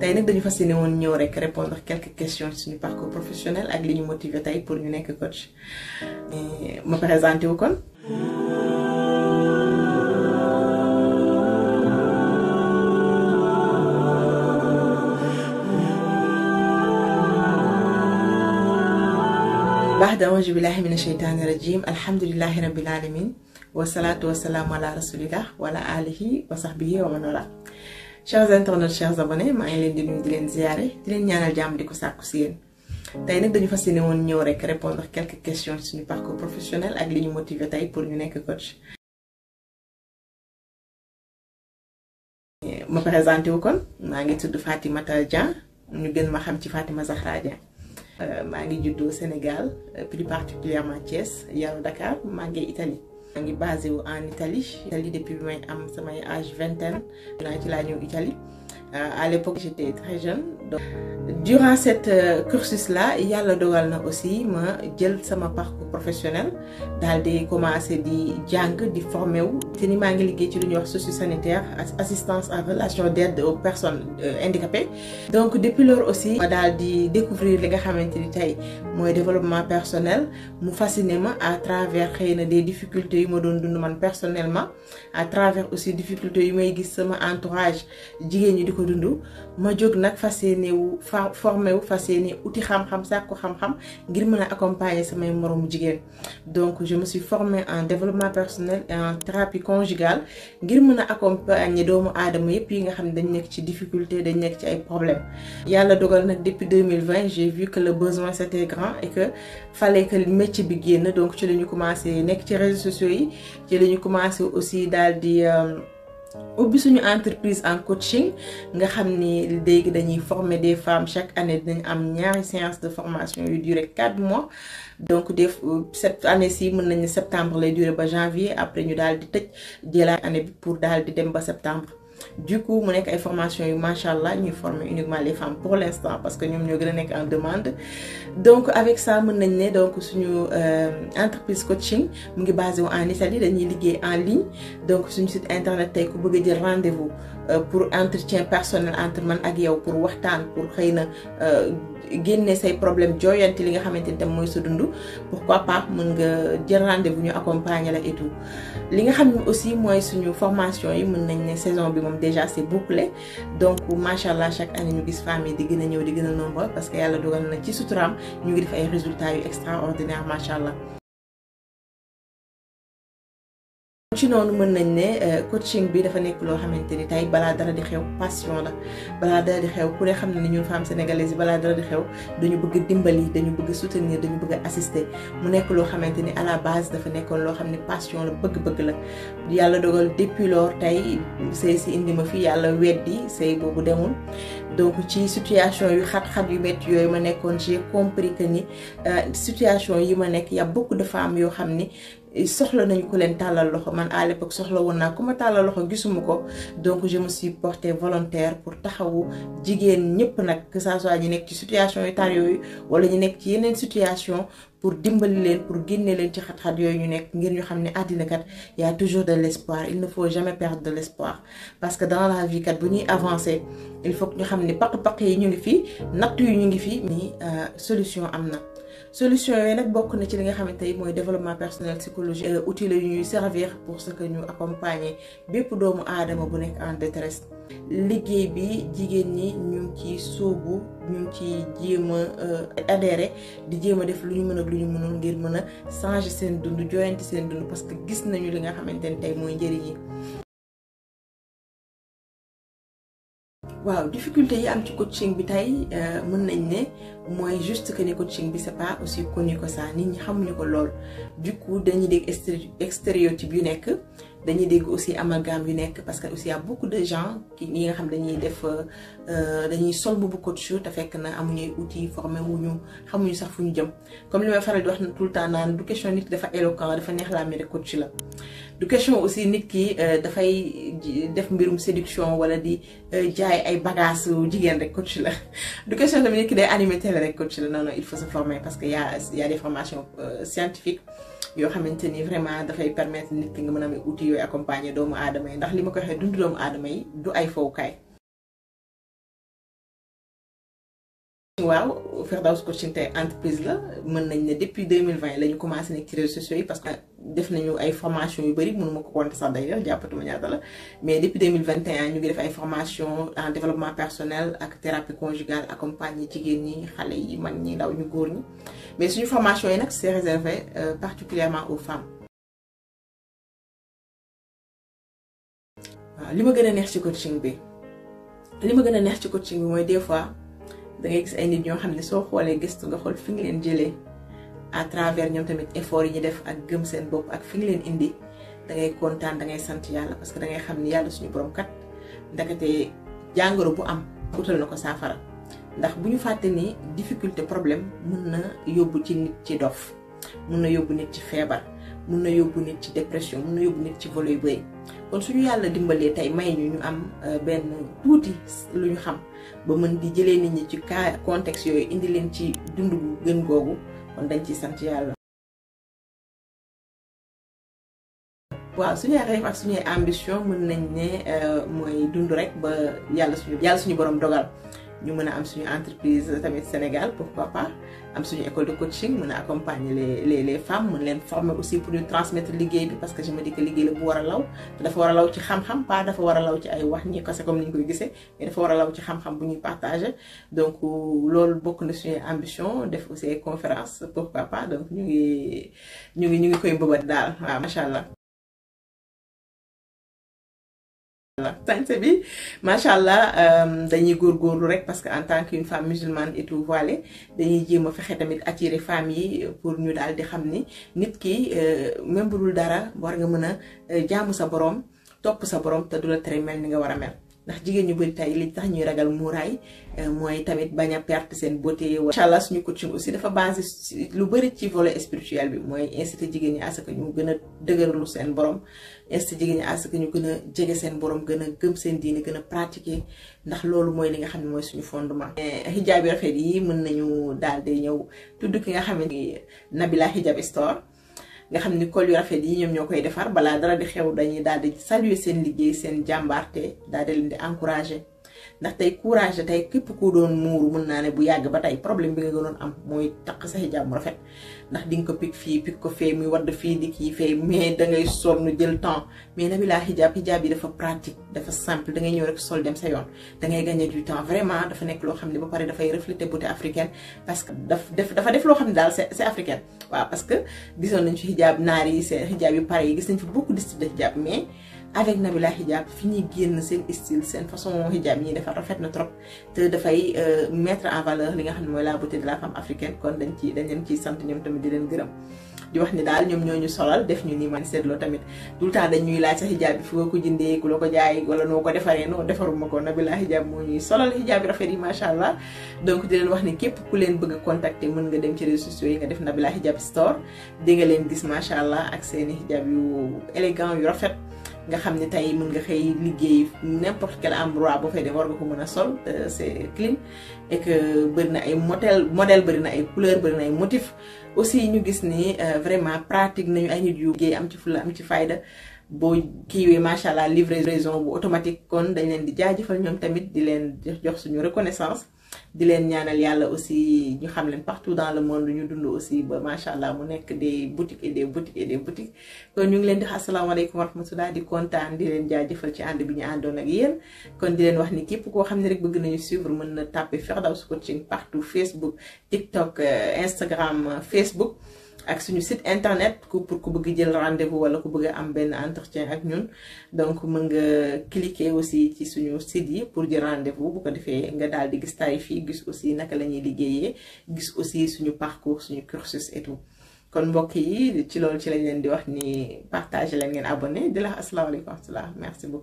tey nag dañu fas yéene woon ñëw rek répondre quelques questions ci suñu parcours professionnel ak li ñu motivé tey pour ñu nekk coach eh, ma présenté wu kon. بعد أعوذ بالله من الشيطان الرجيم الحمد لله رب العالمين والصلاة والسلام على رسول الله وعلى آله وصحبه ومن والاه chers internautes chers abonnés maa ngi leen di nuyu leen ziare di leen ñaanal jàmm di ko sàkku si yéen tey nag dañu fas yéene woon ñëw rek répondre quelques questions ci suñu parcours professionnel ak li ñu motivé tey pour ñu nekk coach. ma présenté wu kon maa ngi tudd Fatimata Dieng ñu gën ma xam ci Fatima Zahra Dieng euh, maa ngi juddoo Sénégal euh, plus particulièrement Thiès yaru Dakar maa ngi Italie maa ngi basé wu en Italie Italie depuis bi may am samay âge vingtaine naa ci laa ñëw Italie Euh, à l'époque j'étais très jeune donc durant cette euh, cursus la yàlla dogal na aussi ma jël sama parcours professionnel daal di commencé di jàng di formé wu te ni maa ngi liggéey ci lu ñu wax socio-sanitaire assistance en relation d'aide aux personne euh, handicapées donc depuis lors aussi ma daal di découvrir li nga xamante ni tey mooy développement personnel mu fasciné ma à travers xëy na des difficultés yu ma doon dund man personnel ma travers aussi difficultés yu may gis sama entourage ko dund ma jóg nag fas yéene wu formé wu fas yéene uti xam-xam sàkku xam-xam ngir mën a accompagner samay moromu jigéen donc je me suis formée en développement personnel et en thérapie conjugale ngir mën a accompagner doomu aadama yépp yi nga xam ne dañ nekk ci difficulté dañ nekk ci ay problèmes yàlla dogal nag depuis 2020 j'ai vu que le besoin c'était grand et que fallait que métier bi génn donc ci la ñu commencé nekk ci réseaux sociaux yi ci la ñu commencé aussi daal di euh, ubbi suñu entreprise en coaching nga xam ni léegi dañuy former des femmes chaque année dinañ am ñaari séance de formation yu dure quatre mois donc def cette année si mën nañu septembre lay dure ba janvier après ñu daal di tëj jëlaat année bi pour daal di dem ba septembre du coup mu nekk ay formation yu macha allah ñuy former uniquement les femmes pour l' parce que ñoom ñoo gën a nekk en demande donc avec ça mën nañ ne donc suñu euh, entreprise coaching mu ngi basé wu en Italie dañuy liggéey en ligne donc suñu site internet tey ku bëgg jël rendez-vous. Euh, pour entretien personnel entre man ak yow pour waxtaan pour xëy na euh, génne say problème jooyante li nga xamante ni tam mooy sa dund pourquoi pas mën nga jël rendez-vous ñu accompagner la et li nga xam ne aussi mooy suñu formation yi mën nañ ne saison bi moom déjà c'est bouclé donc macha allah chaque année ñu gis famille di gën a ñëw di gën a nombreux parce que yàlla dogal na ci suturaam ñu ngi def ay résultats yu extraordinaire macha allah. ci noonu mën nañ ne euh, coaching bi dafa nekk loo xamante ni tey balaa dara di xew passion la balaa dara di xew ku ne xam ne ni ñun femmes sénégalaises yi balaa dara di xew dañu bëgg dimbali dañu bëgg soutenir dañu bëgg assister mu nekk loo xamante ni à la base dafa nekkoon loo xam ne passion la bëgg-bëgg la yàlla dogal depuis lors tey sëy si indi ma fi yàlla weddi sëy boobu demul donc ci situation yu xat-xat yu métti yooyu ma nekkoon j'ai compris que ni euh, situation yi ma nekk y a de femmes yoo xam ni soxla nañu ko leen tàllal loxo man à l'époque soxla woon naa ku ma tàllal loxo gisuma ko donc je me suis volontaire pour taxawu jigéen ñëpp nag que ça soit ñu nekk ci situation yi tar yooyu wala ñu nekk ci yeneen situation pour dimbali leen pour génnee leen ci xat-xat yooyu ñu nekk ngir ñu xam ne àddina kat y a toujours de l'espoir il ne faut jamais perdre de l'espoir parce que dans la vie kat bu ñuy avancer il faut que ñu xam ne paq-paq yi ñu ngi fi natt yu ñu ngi fi. ni euh, solution am na. solution yooyu nag bokk na ci li nga xamante ni mooy développement personnel psychologie euh, outil yu ñuy servir pour ce que ñu accompagner bépp doomu aadama bu nekk en détresse liggéey bi jigéen ñi ñu ngi ciy sóobu ñu ngi ciy jéem a euh, adhéré di jéem a def lu ñu mën ak lu ñu mënul ngir mën a changer seen dund joyanti seen dund parce que gis nañu li nga xamante ni tey mooy njëriñ yi. waaw difficulté yi am ci coaching bi tey euh, mën nañ ne mooy juste que ne coaching bi c'est pas aussi connu que ça nit ñi xamuñu ko lool du coup dañuy dégg stéréotype yu nekk dañuy dégg aussi amalgame yu nekk parce que aussi y a beaucoup de gens qui ñi nga xam dañuy def euh, dañuy sol mbubu court te fekk na amuñu amuñuy outils formé ñu xamuñu sax fu ñu jëm comme li may faral di wax na tout le temps naan du question nit ki dafa éloquent dafa neex laa mere la du question aussi nit ki euh, dafay def mbirum séduction wala di euh, jaay ay bagages jigéen rek coach la du question tamit nit ki day animé télé rek coach la non il faut se former parce que y a y a des yoo xamante ni vraiment dafay permettre nit ki nga mën a am uti yooyu accompagner doomu aadama yi ndax li ma ko waxee dund doomu aadama yi du ay fowukaay. waaw Firdaws Coaching tey entreprise la mën nañ ne depuis 2020 la ñu commencé nekk ci réseaux sociaux yi parce que def nañu ay formation yu bëri mënuma ko compter sax d'ailleurs jàppatuma ñaata la mais depuis 2021 ñu ngi def ay formation en développement personnel ak thérapie conjugale accompagner jigéen ñi xale yi mag ñi ndaw ñu góor mais suñu formation yi nag c'est réservé euh, particulièrement au femmes waaw li ma gën a neex ci coaching bi li ma gën a neex ci coaching bi mooy des fois da gis ay nit ñoo xam ne soo xoolee gëstu nga xool fi nga leen jëlee à travers ñoom tamit effort yi ñu def ak gëm seen bopp ak fi nga leen indi da ngay kontaan da ngay sant yàlla parce que da ngay xam ni yàlla suñu borom kat ndakate jàngoro bu am utal na ko saafara. ndax bu ñu fàtte ne difficulté problème mën na yóbbu ci nit ci dof mun na yóbbu nit ci feebar mun na yóbbu nit ci dépression mën na yóbbu nit ci volo yu bëri suñu yàlla dimbalee tey may ñu am euh, benn tuuti lu ñu xam ba mën di jëlee nit ñi ci cas contexte yooyu indi leen ci dund bu gën googu kon dañ ci sant yàlla. waaw suñuy rêve ak suñuy ambition mën nañ ne euh, mooy dund rek ba yàlla suñu yàlla suñu borom dogal. ñu mën a am suñu entreprise tamit Sénégal pourquoi pas am suñu école de coaching mën a accompagner les les les femmes leen former aussi pour ñu transmettre liggéey bi parce que je me dis liggéey la bu war a law te dafa war a law ci xam-xam pas dafa war a law ci ay wax ñi kase comme ni ñu koy gisee mais dafa war a law ci xam-xam bu ñuy partager donc euh, loolu bokk na suñu ambition def aussi ay conférence pourquoi pas donc ñu ngi ñu ngi ñu ngi koy mbëbët daal waaw macha allah. voilà sañse bi macha allah euh, dañuy góor góorlu rek parce que en tant qu'une femme musulmane et tout dañuy jéem a fexe tamit attirer femme yi pour ñu daal di xam ni nit ki euh, même bu dara war nga mën a euh, jaamu sa borom topp sa borom te du la tere mel ni nga war a mel. ndax jigéen ñu bëri tay li tax ñuy ragal muuraay euh, mooy tamit bañ a perte seen beauté. incha allah suñu coaching aussi dafa basé lu bëri ci volet spirituel bi mooy incité jigéen ñi à ce que ñu gën a dëgërlu seen borom incité jigéen ñi à ce que ñu gën a jege seen boroom gën a gëm seen diini gën a pratiquer ndax loolu mooy li nga xam ne mooy suñu fondement. Euh, hijab yu rafet yi mën nañu daal di ñëw tudd ki nga xam ne Nabila Hijab Store. nga xam ni col yu rafet yi ñoom ñoo koy defar balaa dara di xew dañuy daal di saluer seen liggéey seen jàmbaarte daal di leen di encourager ndax tey courage la tey képp koo doon muuru mën naa ne bu yàgg ba tey problème bi nga doon am mooy takk sa hijab mu rafet ndax di nga ko pik fii pik ko fee muy wadd fii di kii fee mais dangay sonn jël temps mais Nabila hijab hijab yi dafa pratique dafa simple dangay ñëw rek sol dem sa yoon dangay gagner du temps vraiment dafa nekk loo xam ne ba pare dafay refléter beauté africaine parce que daf def dafa def loo xam ne daal c'est c'est waaw parce que gisoon nañ fi hijab naar yi c'est hijab yu pare yi gis nañ fi beaucoup de de avec Nabila Hijab fi ñuy génn seen style seen façon hijab yi ñuy defar rafet na trop te dafay euh, mettre en valeur li nga xam ne mooy la beauté de la femme africaine kon dañ ci dañ leen ciy sant ñoom tamit di leen gërëm di wax ni daal ñoom ñoo ñu solal def ñu nii man seetloo tamit tout le temps ñuy laaj sa hijab ko jëndee ku la ko jaay wala noo ko defaree noo defaruma ko Nabila Hijab moo ñuy solal hijab bi rafet yi macha allah donc di leen wax ni képp ku leen bëgg a mën nga dem ci réseaux sociaux yi nga def Nabila Hijab store di nga leen gis macha allah ak seeni hijab yu élégant yu rafet nga xam ne tey mën nga xëy liggéey n'importe quel endroit boo fay dem war nga ko mën a sol c'est clean et bëri na ay modèle modèle bëri na ay couleur bëri na ay motif aussi ñu gis nii euh, vraiment pratique nañu ay nit yu liggéey am ci fulla am ci fayda boo kiiwee macha allah livraison bu automatique kon dañ leen di jaajëfal ñoom tamit di leen jox suñu reconnaissance di leen ñaanal yàlla aussi ñu xam leen partout dans le monde ñu dund aussi ba macha allah mu nekk des boutiques et des boutiques et kon ñu ngi leen di wax asalaamaaleykum wa rahmatulah di kontaan di leen jaajëfal ci ànd bi ñu àndoon ak yéen kon di leen wax ni képp koo xam ne rek bëgg nañu suivre mën na tàppe Firdaws Coaching partout Facebook TikTok euh, Instagram euh, Facebook. ak suñu site internet pour ku bëgg jël rendez-vous wala ku bëgg am benn entretien ak ñun donc mën nga cliquer aussi ci suñu site yi pour jël rendez bu ko defee nga daal di gis tarif yi gis aussi naka la ñuy liggéeyee gis aussi suñu parcours suñu cursus et kon mbokk yi ci loolu ci lañ leen di wax ni partage leen ngeen abonné di la asalaamaaleykum wa rahmatulah merci beaucoup.